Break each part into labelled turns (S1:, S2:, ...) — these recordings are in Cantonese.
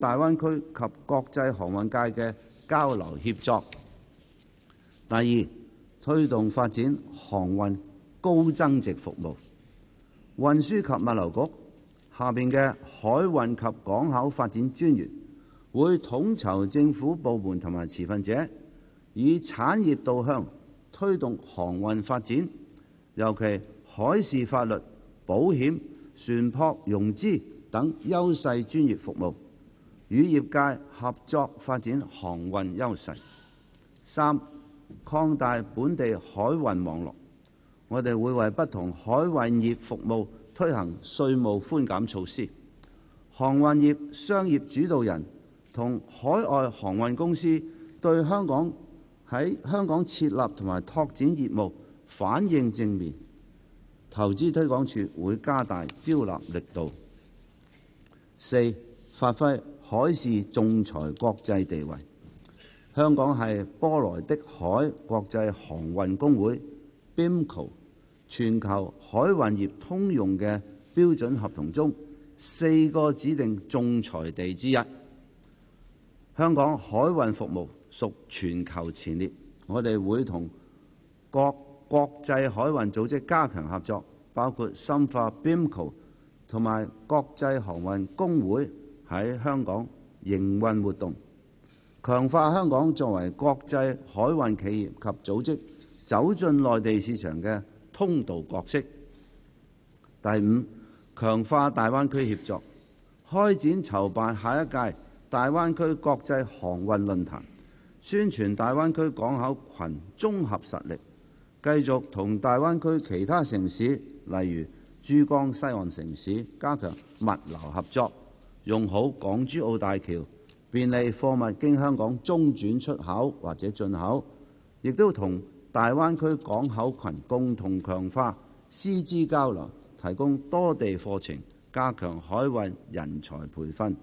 S1: 大灣區及國際航運界嘅交流協作。第二，推動發展航運高增值服務。運輸及物流局下邊嘅海運及港口發展專員會統籌政府部門同埋持份者，以產業導向推動航運發展，尤其海事法律、保險、船舶融資等優勢專業服務。與業界合作發展航運優勢；三、擴大本地海運網絡。我哋會為不同海運業服務推行稅務寬減措施。航運業商業主導人同海外航運公司對香港，喺香港設立同埋拓展業務反應正面。投資推廣署會加大招納力度。四。發揮海事仲裁國際地位，香港係波羅的海國際航運公會 （BIMCO） 全球海運業通用嘅標準合同中四個指定仲裁地之一。香港海運服務屬全球前列，我哋會同各國際海運組織加強合作，包括深化 BIMCO 同埋國際航運公會，喺香港營運活動，強化香港作為國際海運企業及組織走進內地市場嘅通道角色。第五，強化大灣區協作，開展籌辦下一屆大灣區國際航運論壇，宣傳大灣區港口群綜合實力，繼續同大灣區其他城市，例如珠江西岸城市，加強物流合作。用好港珠澳大橋，便利貨物經香港中轉出口或者進口，亦都同大灣區港口群共同強化師資交流，提供多地課程，加強海運人才培訓。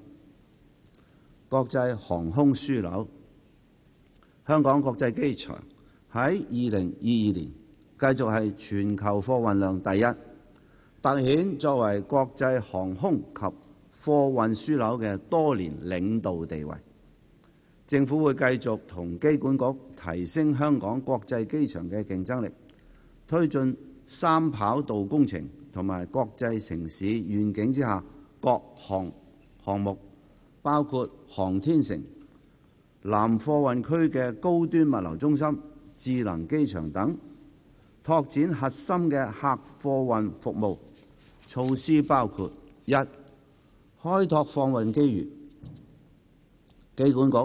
S1: 國際航空樞紐，香港國際機場喺二零二二年繼續係全球貨運量第一，凸顯作為國際航空及貨運樞紐嘅多年領導地位，政府會繼續同機管局提升香港國際機場嘅競爭力，推進三跑道工程同埋國際城市願景之下各項項目，包括航天城、南貨運區嘅高端物流中心、智能機場等，拓展核心嘅客貨運服務措施，包括一。開拓放運機遇，機管局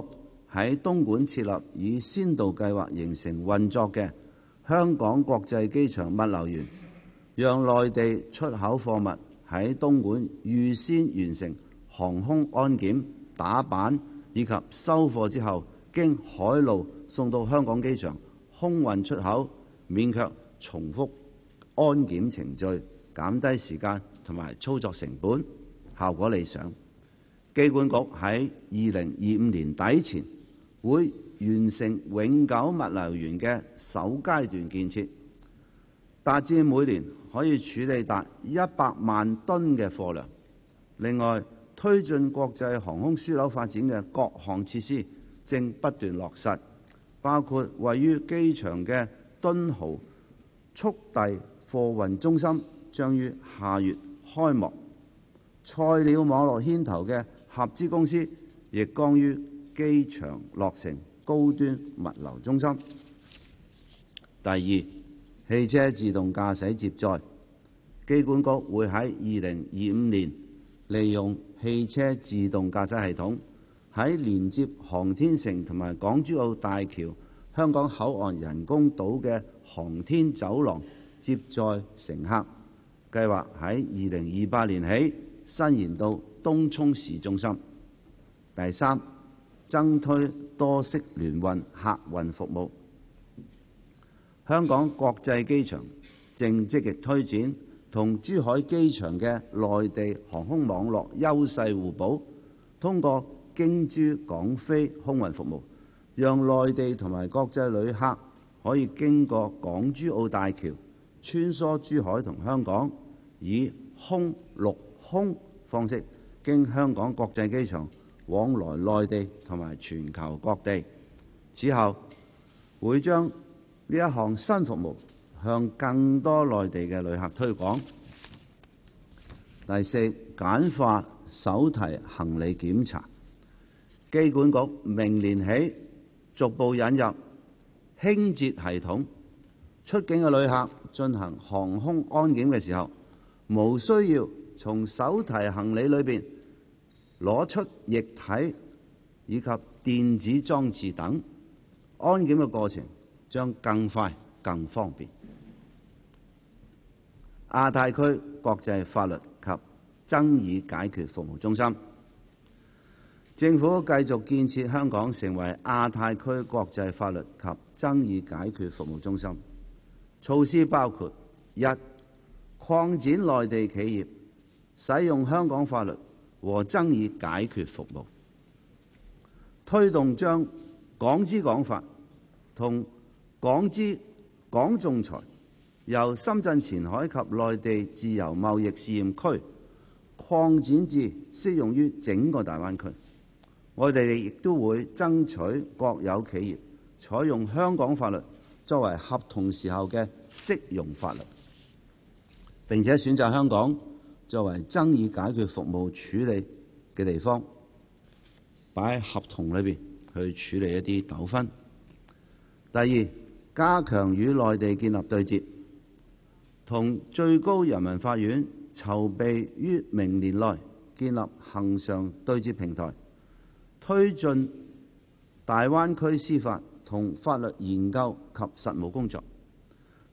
S1: 喺東莞設立以先導計劃形成運作嘅香港國際機場物流園，讓內地出口貨物喺東莞預先完成航空安檢、打板以及收貨之後，經海路送到香港機場空運出口，免卻重複安檢程序，減低時間同埋操作成本。效果理想，機管局喺二零二五年底前會完成永久物流園嘅首階段建設，達至每年可以處理達一百萬噸嘅貨量。另外，推進國際航空樞紐發展嘅各項設施正不斷落實，包括位於機場嘅敦豪速遞貨運中心將於下月開幕。菜鳥網絡牽頭嘅合資公司，亦將於機場落成高端物流中心。第二，汽車自動駕駛接載。機管局會喺二零二五年利用汽車自動駕駛系統，喺連接航天城同埋港珠澳大橋、香港口岸人工島嘅航天走廊接載乘客。計劃喺二零二八年起。伸延到東涌市中心第三，增推多式聯運客運服務。香港國際機場正積極推展同珠海機場嘅內地航空網絡優勢互補，通過經珠港飛空運服務，讓內地同埋國際旅客可以經過港珠澳大橋穿梭珠海同香港，以空陸。空方式經香港國際機場往來內地同埋全球各地。此後會將呢一項新服務向更多內地嘅旅客推廣。第四，簡化手提行李檢查，機管局明年起逐步引入輕捷系統，出境嘅旅客進行航空安檢嘅時候，無需要。從手提行李裏邊攞出液體以及電子裝置等，安檢嘅過程將更快更方便。亞太區國際法律及爭議解決服務中心，政府繼續建設香港成為亞太區國際法律及爭議解決服務中心。措施包括一、擴展內地企業使用香港法律和爭議解決服務，推動將港資港法同港資港仲裁由深圳前海及內地自由貿易試驗區擴展至適用於整個大灣區。我哋亦都會爭取國有企業採用香港法律作為合同時候嘅適用法律，並且選擇香港。作為爭議解決服務處理嘅地方，擺喺合同裏邊去處理一啲糾紛。第二，加強與內地建立對接，同最高人民法院籌備於明年內建立恒常對接平台，推進大灣區司法同法律研究及實務工作，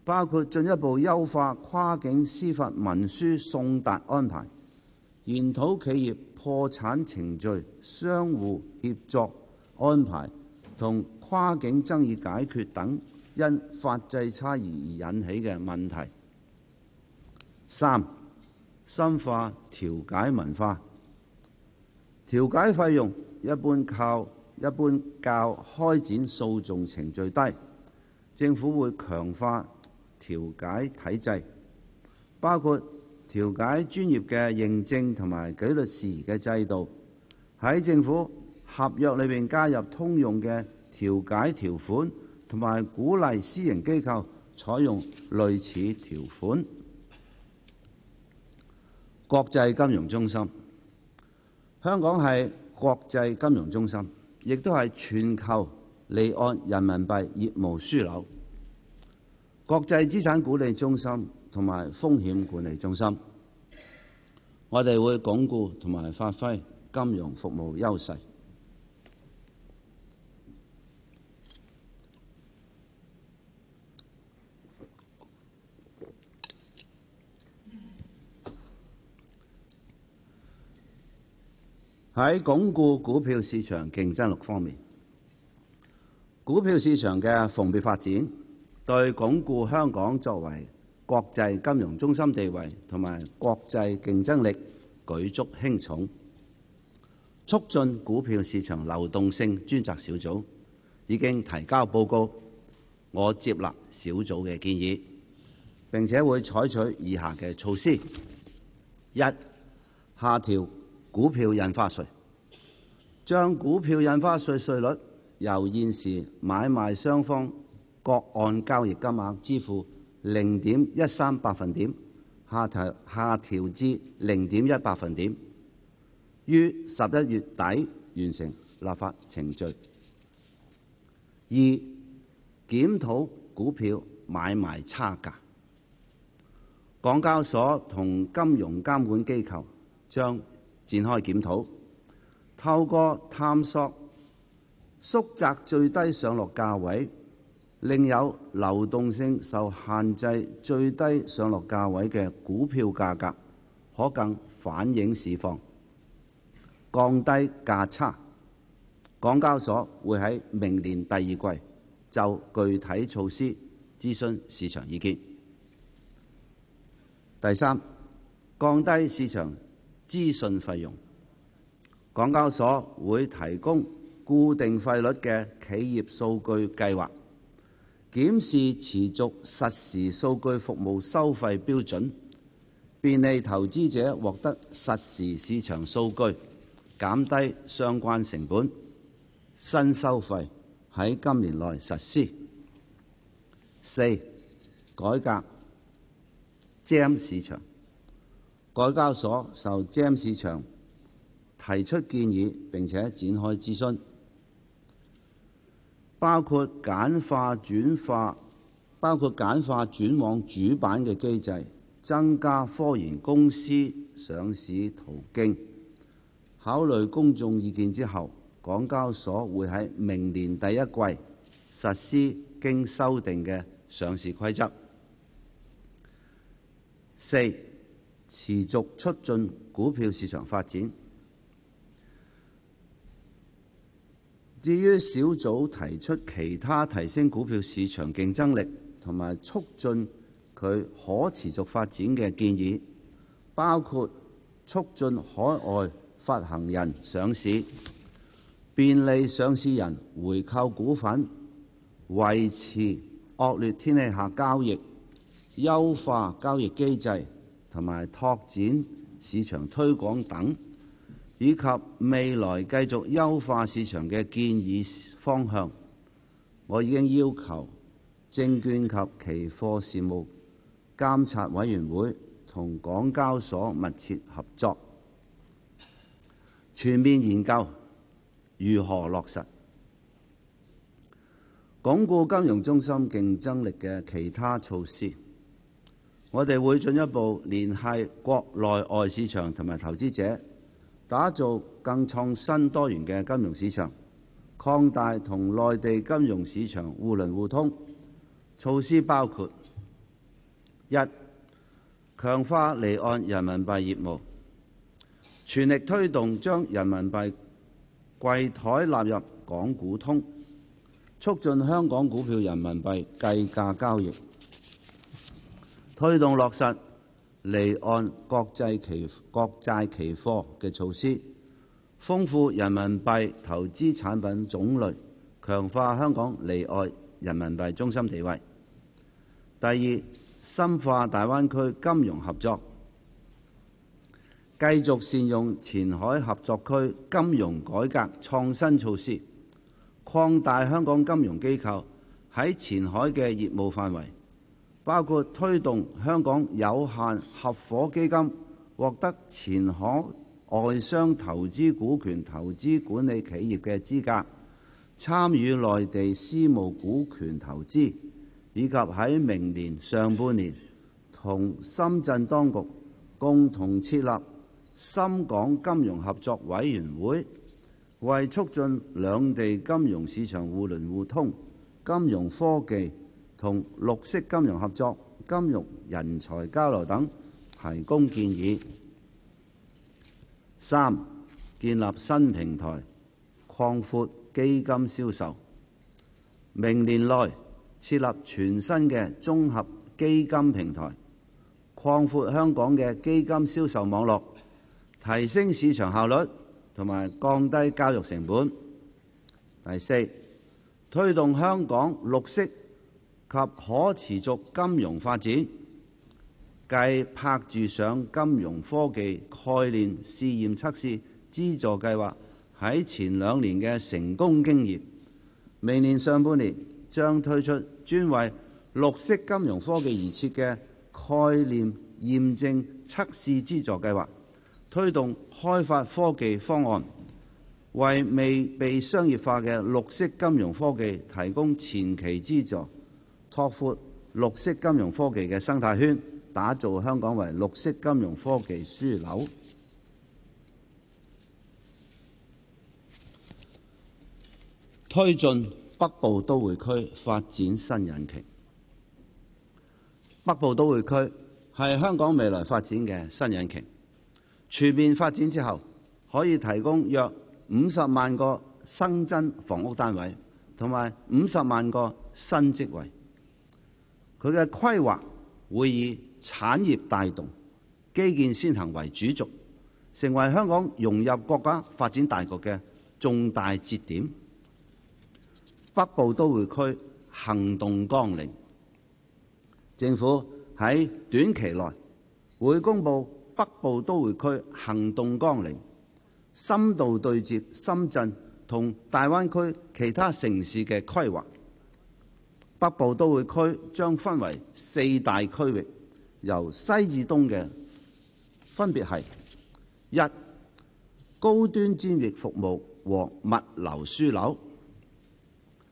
S1: 包括進一步優化跨境司法文書送達安排，研討企業破產程序相互協作安排同跨境爭議解決等因法制差異而引起嘅問題。三、深化調解文化，調解費用一般靠一般較開展訴訟程序低，政府會強化。調解體制，包括調解專業嘅認證同埋紀律事宜嘅制度，喺政府合約裏面加入通用嘅調解條款，同埋鼓勵私營機構採用類似條款。國際金融中心，香港係國際金融中心，亦都係全球離岸人民幣業務樞紐。國際資產管理中心同埋風險管理中心，我哋會鞏固同埋發揮金融服務優勢。喺鞏固股票市場競爭力方面，股票市場嘅蓬勃發展，對鞏固香港作為國際金融中心地位同埋國際競爭力舉足輕重。促進股票市場流動性專責小組已經提交報告，我接納小組嘅建議，並且會採取以下嘅措施：一、下調股票印花稅，將股票印花稅稅率由現時買賣雙方。各按交易金額支付零點一三百分點，下調至零點一百分點，於十一月底完成立法程序。二、檢討股票買賣差價，港交所同金融監管機構將展開檢討，透過探索縮窄最低上落價位。另有流動性受限制、最低上落價位嘅股票價格，可更反映市況，降低價差。港交所會喺明年第二季就具體措施諮詢市場意見。第三，降低市場資訊費用，港交所會提供固定費率嘅企業數據計劃。檢視持續實時數據服務收費標準，便利投資者獲得實時市場數據，減低相關成本。新收費喺今年內實施。四、改革 GEM 市場，改交所受 GEM 市場提出建議並且展開諮詢。包括簡化轉化，包括簡化轉往主板嘅機制，增加科研公司上市途徑。考慮公眾意見之後，港交所會喺明年第一季實施經修訂嘅上市規則。四、持續促進股票市場發展。至於小組提出其他提升股票市場競爭力同埋促進佢可持續發展嘅建議，包括促進海外發行人上市、便利上市人回購股份、維持惡劣天氣下交易、優化交易機制同埋拓展市場推廣等。以及未來繼續優化市場嘅建議方向，我已經要求證券及期貨事務監察委員會同港交所密切合作，全面研究如何落實鞏固金融中心競爭力嘅其他措施。我哋會進一步聯繫國內外市場同埋投資者。打造更創新多元嘅金融市場，擴大同內地金融市場互聯互通。措施包括：一、強化離岸人民幣業務，全力推動將人民幣櫃台納入港股通，促進香港股票人民幣計價交易，推動落實離岸國際期國債期貨嘅措施，豐富人民幣投資產品種類，強化香港離岸人民幣中心地位。第二，深化大灣區金融合作，繼續善用前海合作區金融改革創新措施，擴大香港金融機構喺前海嘅業務範圍。包括推動香港有限合伙基金獲得前海外商投資股權投資管理企業嘅資格，參與內地私募股權投資，以及喺明年上半年同深圳當局共同設立深港金融合作委員會，為促進兩地金融市場互聯互通、金融科技、同綠色金融合作、金融人才交流等提供建議。三、建立新平台，擴闊基金銷售。明年內設立全新嘅綜合基金平台，擴闊香港嘅基金銷售網絡，提升市場效率同埋降低交易成本。第四，推動香港綠色。及可持續金融發展，繼拍住上金融科技概念試驗測試資助計劃喺前兩年嘅成功經驗，明年上半年將推出專為綠色金融科技而設嘅概念驗證測試資助計劃，推動開發科技方案，為未被商業化嘅綠色金融科技提供前期資助。擴闊綠色金融科技嘅生態圈，打造香港為綠色金融科技樞紐，推進北部都會區發展新引擎。北部都會區係香港未來發展嘅新引擎，全面發展之後可以提供約五十萬個新增房屋單位，同埋五十萬個新職位。佢嘅規劃會以產業帶動、基建先行為主軸，成為香港融入國家發展大局嘅重大節點。北部都會區行動綱領，政府喺短期內會公布北部都會區行動綱領，深度對接深圳同大灣區其他城市嘅規劃。北部都會區將分為四大區域，由西至東嘅分別係一、高端專業服務和物流樞紐，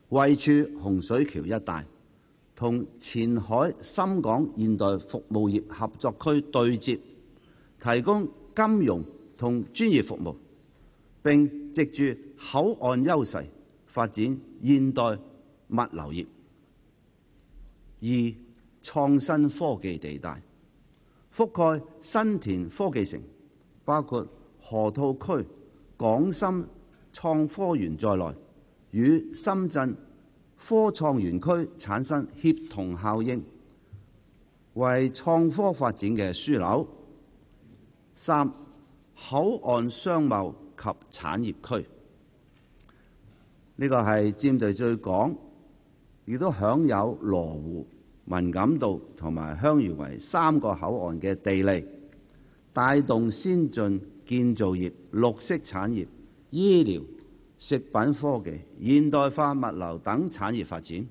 S1: 位處洪水橋一帶，同前海深港現代服務業合作區對接，提供金融同專業服務，並藉住口岸優勢發展現代物流業。二、創新科技地帶，覆蓋新田科技城，包括河套區、港深創科園在內，與深圳科創園區產生協同效應，為創科發展嘅樞紐。三、口岸商貿及產業區，呢個係佔地最廣。亦都享有羅湖、文錦渡同埋香園圍三個口岸嘅地利，帶動先進建造業、綠色產業、醫療、食品科技、現代化物流等產業發展，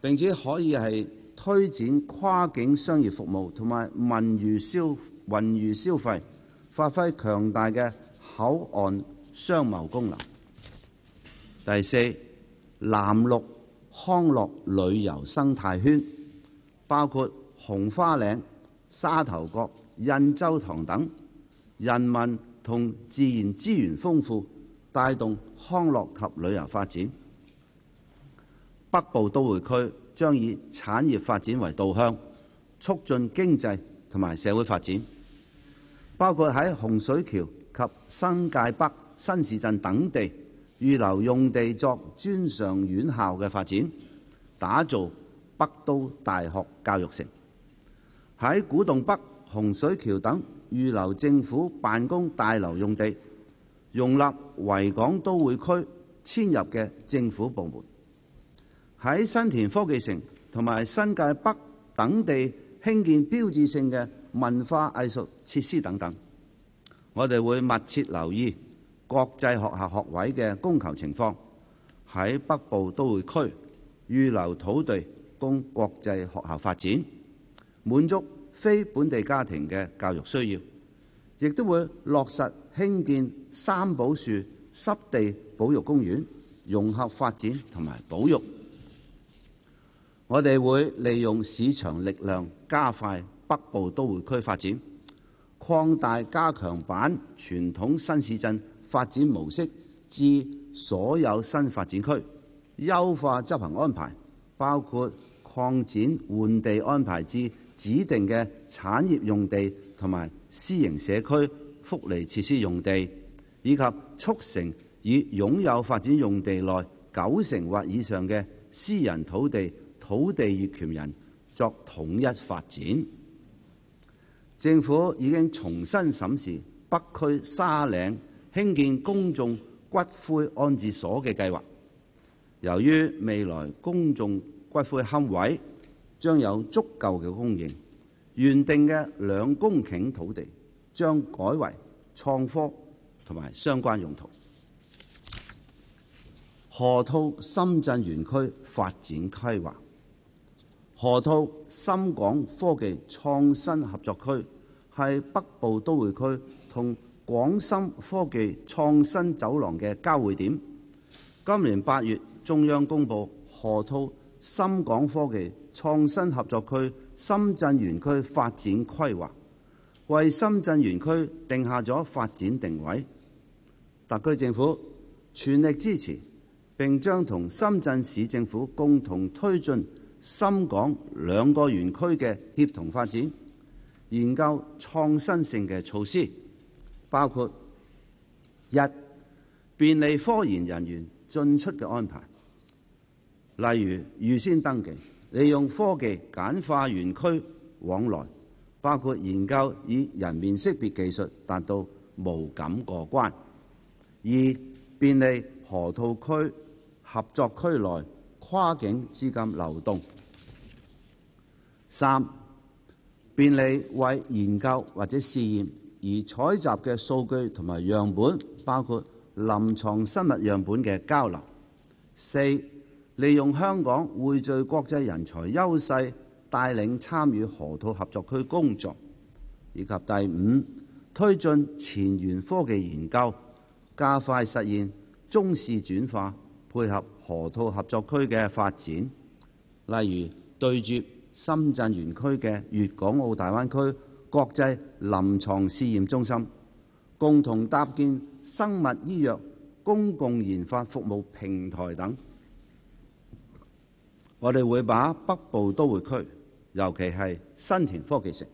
S1: 並且可以係推展跨境商業服務同埋文娛消、文娛消費，發揮強大嘅口岸商貿功能。第四，南陸。康樂旅遊生態圈包括紅花嶺、沙頭角、印洲塘等，人民同自然資源豐富，帶動康樂及旅遊發展。北部都會區將以產業發展為導向，促進經濟同埋社會發展，包括喺洪水橋及新界北新市鎮等地。預留用地作專上院校嘅發展，打造北都大學教育城；喺古洞北洪水橋等預留政府辦公大樓用地，容納維港都會區遷入嘅政府部門；喺新田科技城同埋新界北等地興建標誌性嘅文化藝術設施等等，我哋會密切留意。國際學校學位嘅供求情況，喺北部都會區預留土地供國際學校發展，滿足非本地家庭嘅教育需要，亦都會落實興建三寶樹濕地保育公園，融合發展同埋保育。我哋會利用市場力量加快北部都會區發展，擴大加強版傳統新市鎮。發展模式至所有新發展區，優化執行安排，包括擴展換地安排至指定嘅產業用地同埋私營社區福利設施用地，以及促成以擁有發展用地內九成或以上嘅私人土地土地業權人作統一發展。政府已經重新審視北區沙嶺。興建公眾骨灰安置所嘅計劃，由於未來公眾骨灰龕位將有足夠嘅供應，原定嘅兩公頃土地將改為創科同埋相關用途。河套深圳園區發展規劃，河套深港科技創新合作區係北部都會區同廣深科技創新走廊嘅交匯點。今年八月，中央公布《河套深港科技創新合作區深圳園區發展規劃》，為深圳園區定下咗發展定位。特區政府全力支持，並將同深圳市政府共同推進深港兩個園區嘅協同發展，研究創新性嘅措施。包括一、便利科研人員進出嘅安排，例如預先登記，利用科技簡化園區往來，包括研究以人面識別技術達到無感過關；二、便利河套區合作區內跨境資金流動；三、便利為研究或者試驗。而採集嘅數據同埋樣本，包括臨床生物樣本嘅交流。四、利用香港匯聚國際人才優勢，帶領參與河套合作區工作。以及第五，推進前沿科技研究，加快實現中試轉化，配合河套合作區嘅發展。例如，對住深圳園區嘅粵港澳大灣區。國際臨床試驗中心，共同搭建生物醫藥公共研發服務平台等。我哋會把北部都會區，尤其係新田科技城，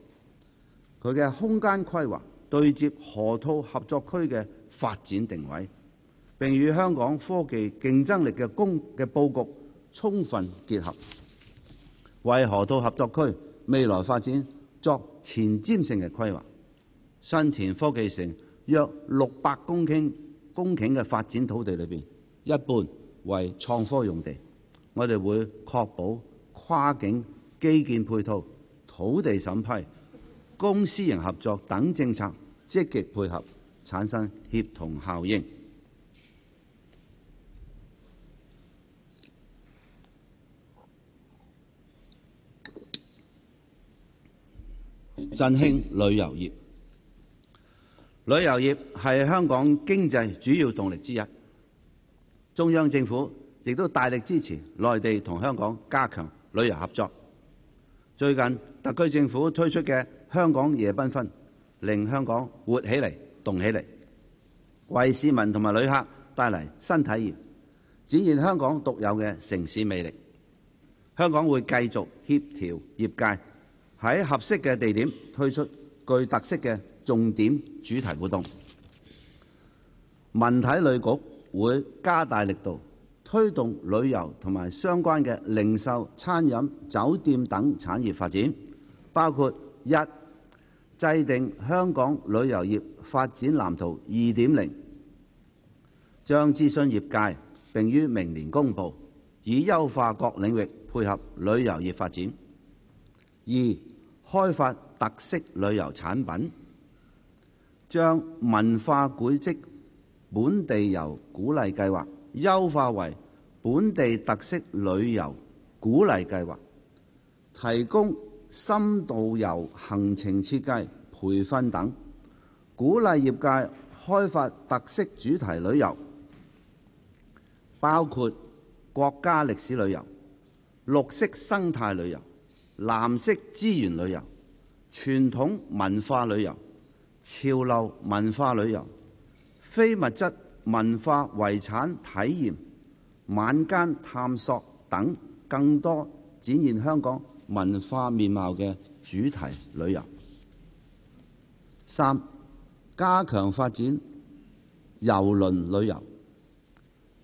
S1: 佢嘅空間規劃對接河套合作區嘅發展定位，並與香港科技競爭力嘅公嘅佈局充分結合，為河套合作區未來發展作前瞻性嘅規劃，新田科技城約六百公頃公頃嘅發展土地裏邊，一半為創科用地，我哋會確保跨境基建配套、土地審批、公私營合作等政策積極配合，產生協同效應。振興旅遊業，旅遊業係香港經濟主要動力之一。中央政府亦都大力支持內地同香港加強旅遊合作。最近，特區政府推出嘅香港夜繽紛，令香港活起嚟、動起嚟，為市民同埋旅客帶嚟新體驗，展現香港獨有嘅城市魅力。香港會繼續協調業界。喺合適嘅地點推出具特色嘅重點主題活動。文體旅局會加大力度推動旅遊同埋相關嘅零售、餐飲、酒店等產業發展，包括一、制定香港旅遊業發展藍圖二點零，將諮詢業界並於明年公佈，以優化各領域配合旅遊業發展；二，開發特色旅遊產品，將文化古蹟本地遊鼓勵計劃優化為本地特色旅遊鼓勵計劃，提供深度遊行程設計培訓等，鼓勵業界開發特色主題旅遊，包括國家歷史旅遊、綠色生態旅遊、藍色資源旅遊、傳統文化旅遊、潮流文化旅遊、非物質文化遺產體驗、晚間探索等更多展現香港文化面貌嘅主題旅遊。三、加強發展郵輪旅遊，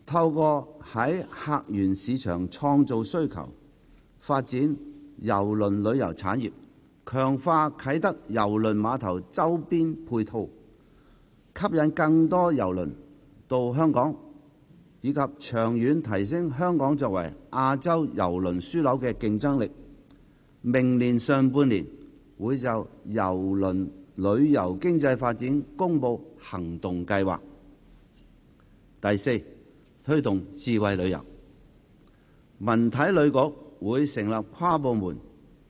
S1: 透過喺客源市場創造需求，發展郵輪旅遊產業，強化啟德郵輪碼頭周邊配套，吸引更多郵輪到香港，以及長遠提升香港作為亞洲郵輪樞紐嘅競爭力。明年上半年會就郵輪旅遊經濟發展公佈行動計劃。第四，推動智慧旅遊，文體旅局，會成立跨部門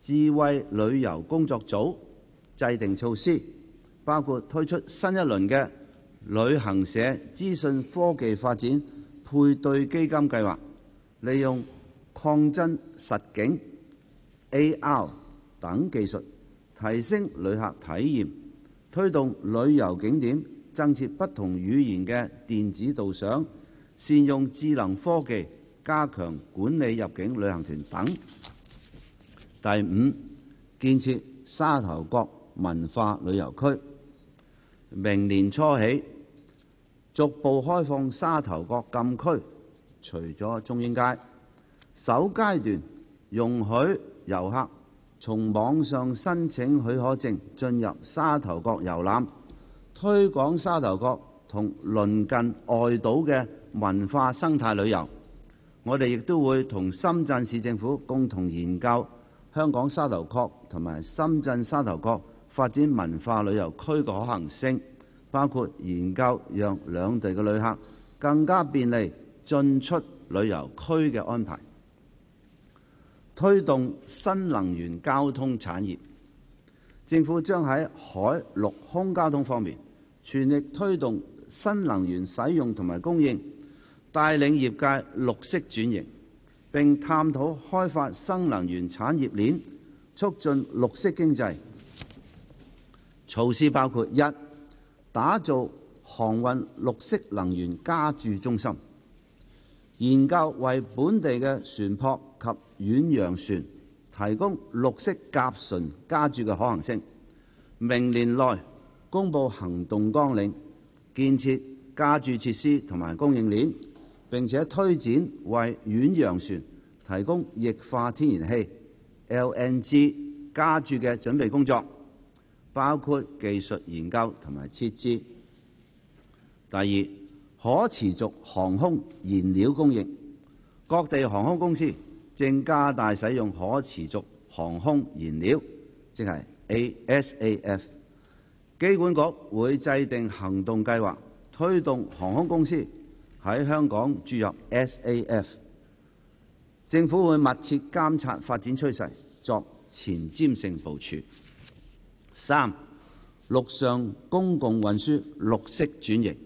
S1: 智慧旅遊工作組，制定措施，包括推出新一輪嘅旅行社資訊科技發展配對基金計劃，利用擴增實景 AR 等技術提升旅客體驗，推動旅遊景點增設不同語言嘅電子導賞，善用智能科技。加強管理入境旅行團等。第五，建設沙頭角文化旅遊區。明年初起，逐步開放沙頭角禁區，除咗中英街。首階段容許遊客從網上申請許可證進入沙頭角遊覽，推廣沙頭角同鄰近外島嘅文化生態旅遊。我哋亦都會同深圳市政府共同研究香港沙頭角同埋深圳沙頭角發展文化旅遊區嘅可行性，包括研究讓兩地嘅旅客更加便利進出旅遊區嘅安排，推動新能源交通產業。政府將喺海陸空交通方面全力推動新能源使用同埋供應。帶領業界綠色轉型，並探討開發新能源產業鏈，促進綠色經濟。措施包括一打造航運綠色能源加注中心，研究為本地嘅船舶及遠洋船提供綠色甲醇加注嘅可行性。明年內公佈行動綱領，建設加注設施同埋供應鏈。並且推展為遠洋船提供液化天然氣 （LNG） 加注嘅準備工作，包括技術研究同埋設置。第二，可持續航空燃料供應，各地航空公司正加大使用可持續航空燃料，即係 ASAF。機管局會制定行動計劃，推動航空公司。喺香港注入 SAF，政府會密切監察發展趨勢，作前瞻性部署。三，陸上公共運輸綠色轉型，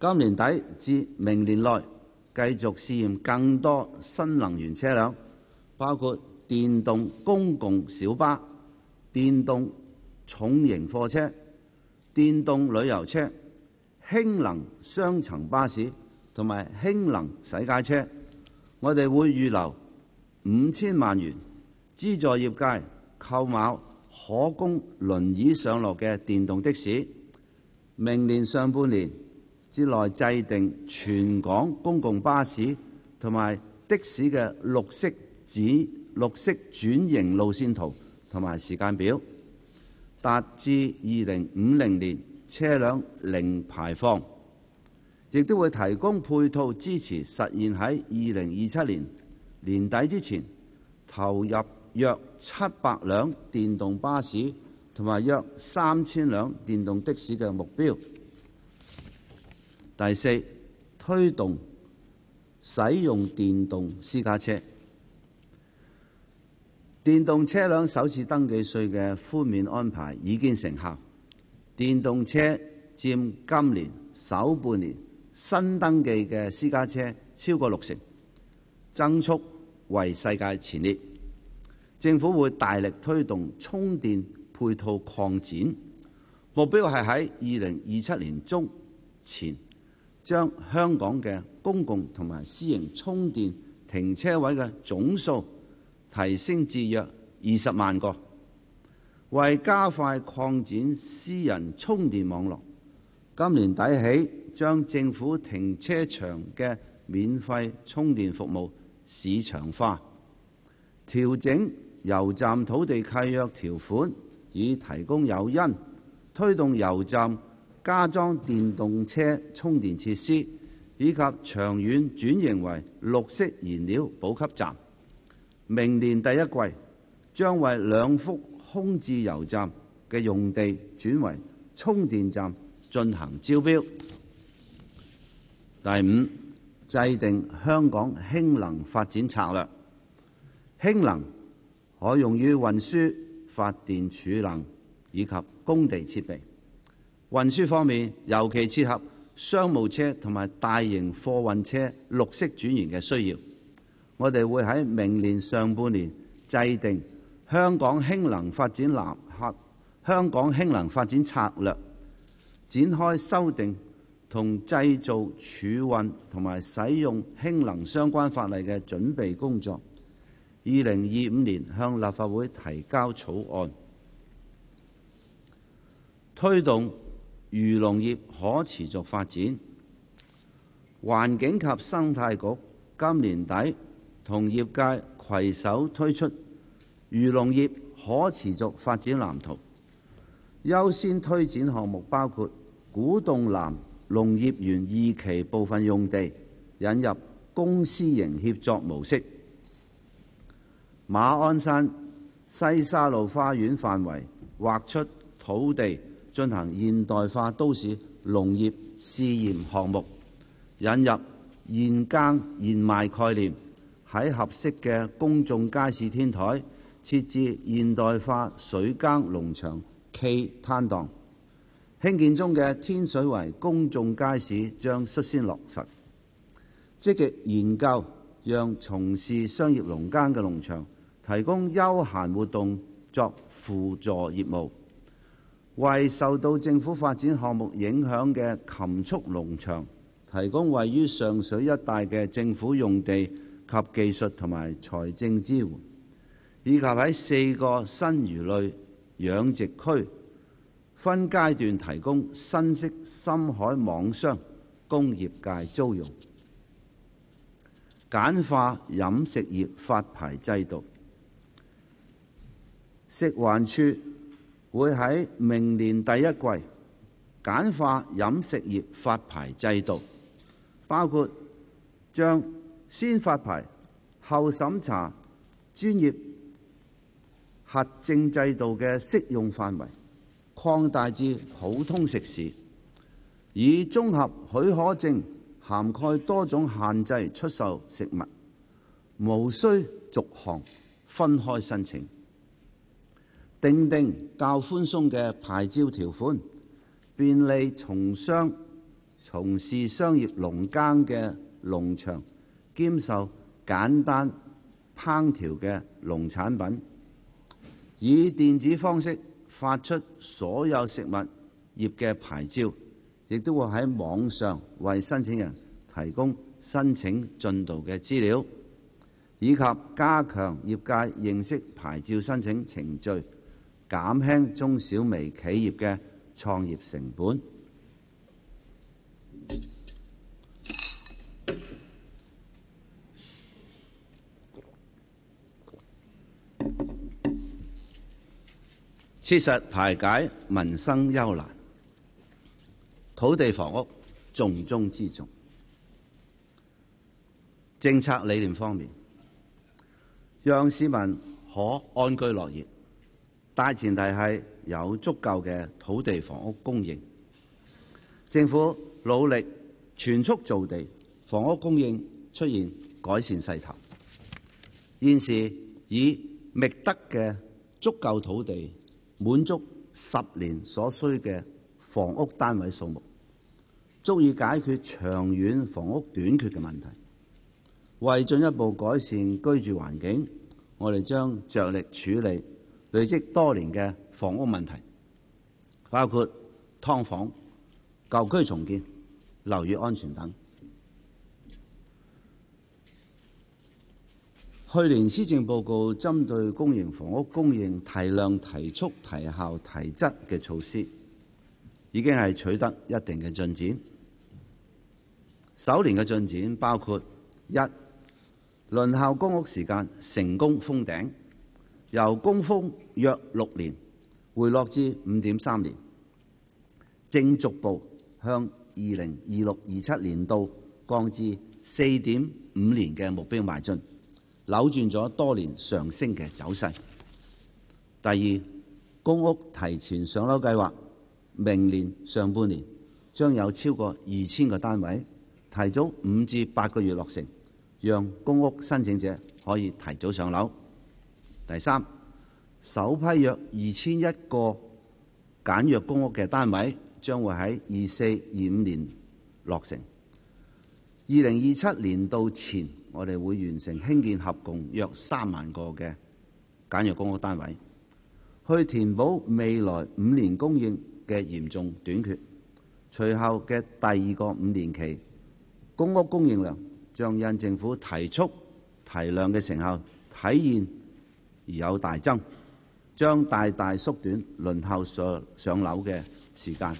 S1: 今年底至明年內繼續試驗更多新能源車輛，包括電動公共小巴、電動重型貨車、電動旅遊車。氫能雙層巴士同埋氫能洗街車，我哋會預留五千萬元資助業界購買可供輪椅上落嘅電動的士。明年上半年之內制定全港公共巴士同埋的士嘅綠色指綠色轉型路線圖同埋時間表，達至二零五零年。車輛零排放，亦都會提供配套支持，實現喺二零二七年年底之前投入約七百輛電動巴士同埋約三千輛電動的士嘅目標。第四，推動使用電動私家車，電動車輛首次登記稅嘅寬免安排已經成效。電動車佔今年首半年新登記嘅私家車超過六成，增速為世界前列。政府會大力推動充電配套擴展，目標係喺二零二七年中前，將香港嘅公共同埋私營充電停車位嘅總數提升至約二十萬個。為加快擴展私人充電網絡，今年底起將政府停車場嘅免費充電服務市場化，調整油站土地契約條款，以提供誘因推動油站加裝電動車充電設施，以及長遠轉型為綠色燃料補給站。明年第一季將為兩幅空置油站嘅用地轉為充電站進行招標。第五，制定香港氫能發展策略。氫能可用於運輸、發電、儲能以及工地設備。運輸方面，尤其適合商務車同埋大型貨運車綠色轉型嘅需要。我哋會喺明年上半年制定。香港氫能發展立合，香港氫能發展策略展開修訂同製造儲運同埋使用氫能相關法例嘅準備工作，二零二五年向立法會提交草案，推動漁農業可持續發展，環境及生態局今年底同業界携手推出。漁農業可持續發展藍圖，優先推展項目包括古洞南農業園二期部分用地引入公私營協作模式，馬鞍山西沙路花園範圍劃出土地進行現代化都市農業試驗項目，引入現耕現賣概念喺合適嘅公眾街市天台設置現代化水耕農場暨攤檔，興建中嘅天水圍公眾街市將率先落實。積極研究，讓從事商業農耕嘅農場提供休閒活動作輔助業務，為受到政府發展項目影響嘅禽畜農場提供位於上水一帶嘅政府用地及技術同埋財政支援。以及喺四個新魚類養殖區分階段提供新式深海網箱工業界租用，簡化飲食業發牌制度。食環署會喺明年第一季簡化飲食業發牌制度，包括將先發牌後審查專業。核證制度嘅適用範圍擴大至普通食肆，以綜合許可證涵蓋多種限制出售食物，無需逐項分開申請，訂定定較寬鬆嘅牌照條款，便利從商從事商業農耕嘅農場兼售簡單烹調嘅農產品。以電子方式發出所有食物業嘅牌照，亦都會喺網上為申請人提供申請進度嘅資料，以及加強業界認識牌照申請程序，減輕中小微企業嘅創業成本。切實排解民生憂難，土地房屋重中之重。政策理念方面，讓市民可安居樂業，大前提係有足夠嘅土地房屋供應。政府努力全速造地，房屋供應出現改善勢頭。現時以覓得嘅足夠土地。滿足十年所需嘅房屋單位數目，足以解決長遠房屋短缺嘅問題。為進一步改善居住環境，我哋將着力處理累積多年嘅房屋問題，包括劏房、舊區重建、樓宇安全等。去年施政報告針對公營房屋供應提量、提速、提效、提質嘅措施，已經係取得一定嘅進展。首年嘅進展包括一、輪候公屋時間成功封頂，由高峰約六年回落至五點三年，正逐步向二零二六、二七年度降至四點五年嘅目標邁進。扭轉咗多年上升嘅走勢。第二，公屋提前上樓計劃，明年上半年將有超過二千個單位提早五至八個月落成，讓公屋申請者可以提早上樓。第三，首批約二千一個簡約公屋嘅單位，將會喺二四、二五年落成，二零二七年到前。我哋會完成興建合共約三萬個嘅簡約公屋單位，去填補未來五年供應嘅嚴重短缺。隨後嘅第二個五年期，公屋供應量將因政府提速提量嘅成效體現而有大增，將大大縮短輪候上上樓嘅時間。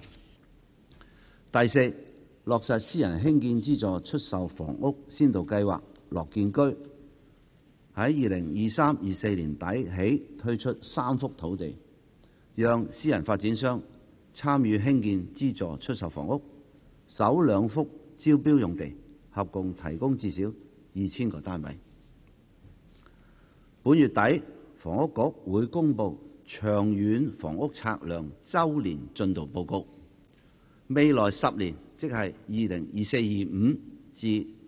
S1: 第四，落實私人興建資助出售房屋先導計劃。樂建居喺二零二三、二四年底起推出三幅土地，讓私人發展商參與興建、資助出售房屋。首兩幅招標用地合共提供至少二千個單位。本月底，房屋局會公布長遠房屋策略週年進度報告。未來十年，即係二零二四、二五至。